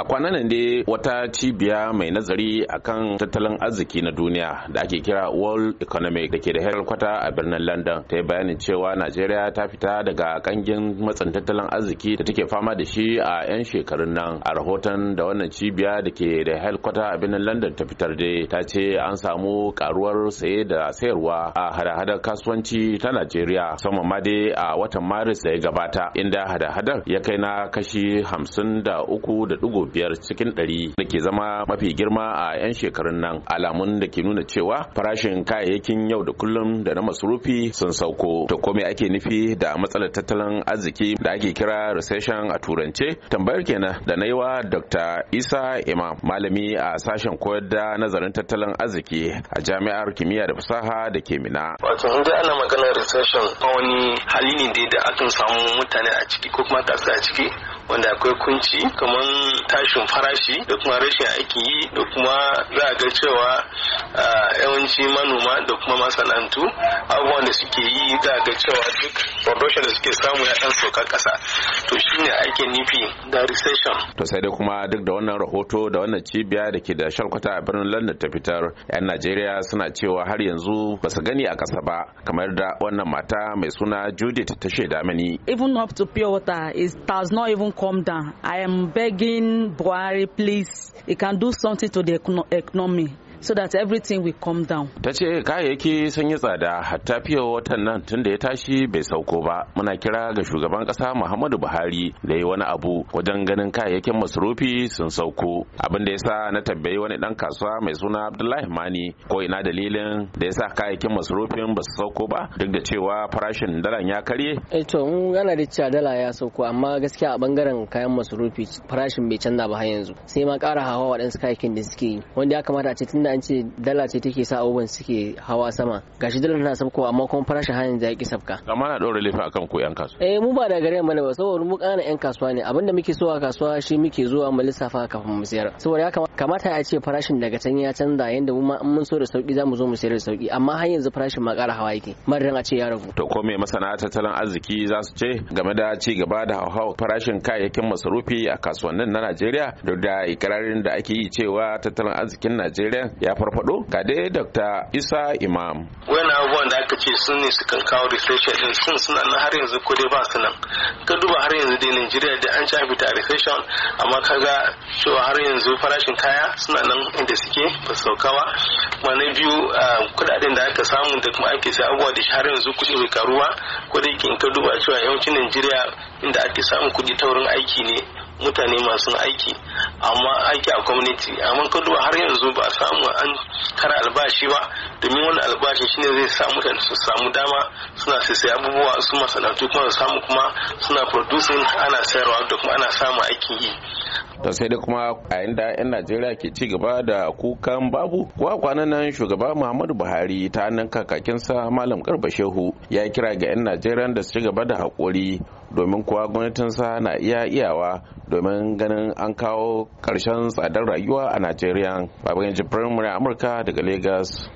a kwanan nan dai wata cibiya mai nazari akan tattalin arziki na duniya da ake kira world economic da ke da kwata a birnin london ta yi bayanin cewa najeriya ta fita daga kangin matsin tattalin arziki da take fama da shi a 'yan shekarun nan a rahoton da wannan cibiya da ke da kwata a birnin london ta fitar da ta ce an samu karuwar saye da sayarwa a hada-hadar kasuwanci ta najeriya sama ma dai a watan maris da ya gabata inda hada-hadar ya kai na kashi hamsin da uku da dugu biyar cikin ɗari da ke zama mafi girma a 'yan shekarun nan alamun da ke nuna cewa farashin kayayyakin yau da kullum da na masurufi sun sauko ta kome ake nufi da matsalar tattalin arziki da ake kira recession a turance tambayar kenan da na yiwa dr isa imam malami a sashen koyar da nazarin tattalin arziki a jami'ar kimiyya da fasaha da ke mina wato in ana maganar recession wani hali ne da akan samu mutane a ciki ko kuma a ciki wanda akwai kunci kamar tashin farashi da kuma rashin aiki yi da kuma za a ga cewa yawanci manoma da kuma masana'antu abubuwan da suke yi za a ga cewa duk production da suke samu ya dan sauka kasa to shine ake nufi da recession to sai dai kuma duk da wannan rahoto da wannan cibiya da ke da shalkwata a birnin London ta fitar yan Najeriya suna cewa har yanzu ba su gani a kasa ba kamar da wannan mata mai suna Judith ta shaida mani even up to pure water is does not even calm down. I am begging Buhari, please, he can do something to the economy. so that everything will come down. Ta ce kayayyaki sun yi tsada hatta fiye watan nan tun da ya tashi bai sauko ba. Muna kira ga shugaban kasa Muhammadu Buhari da ya wani abu wajen ganin kayayyakin masarufi sun sauko. Abin da ya sa na tambayi wani dan kasuwa mai suna Abdullahi Mani ko ina dalilin da ya sa kayayyakin masarufin ba su sauko ba duk da cewa farashin dalan ya karye. Eh to mun da cewa dala ya sauko amma gaskiya a bangaren kayan masarufi farashin bai canza ba har yanzu. Sai ma kara hawa waɗansu kayayyakin da suke yi wanda ya kamata a ce tun tunda an ce dala ce take sa abubuwan suke hawa sama gashi dala na sabko amma kuma farashin hanyar da ya ki sabka amma na dora lefa akan ku yan kasuwa eh mu ba da gare mu ba saboda mu kana yan kasuwa ne abinda muke so a kasuwa shi muke zuwa mu lissafa kafin mu sayar saboda ya kamata a ce farashin daga can ya canza yanda mu ma mun so da sauki mu zo mu siyar da sauki amma har yanzu farashin ma kara hawa yake marin a ce ya ragu to ko me masana tattalin arziki za su ce game da ci gaba da hawa farashin kayayyakin masarufi a kasuwannin na Najeriya duk da ikirarin da ake yi cewa tattalin arzikin Najeriya ya farfado ga dai dr isa imam wani abubuwan da aka ce sun ne sukan kawo recession din sun suna na har yanzu ko dai ba su nan ka duba har yanzu dai nigeria da an ci a recession amma ka ga cewa har yanzu farashin kaya suna nan inda suke ba su sauka ba kuma na biyu kudaden da aka samu da kuma ake sai abubuwa da har yanzu kuɗi bai karuwa ko da yake in ka duba cewa yawancin nigeria inda ake samun kuɗi ta wurin aiki ne mutane masu aiki amma aiki a gwamnati amma ka duba har yanzu ba samu an kara albashi ba domin wani albashi shine zai sa mutane su samu dama suna sai abubuwa su masana kuma su samu kuma suna producing ana sayarwa da kuma ana samu aiki yi to sai dai kuma a da 'yan najeriya ke ci gaba da kukan babu kuwa kwanan nan shugaba muhammadu buhari ta hannun kakakinsa malam garba shehu ya kira ga 'yan najeriya da su ci gaba da haƙuri domin kuwa gwamnatinsa na iya iyawa domin ganin an kawo ƙarshen tsadar rayuwa a najeriya babban jibrin amurka daga lagos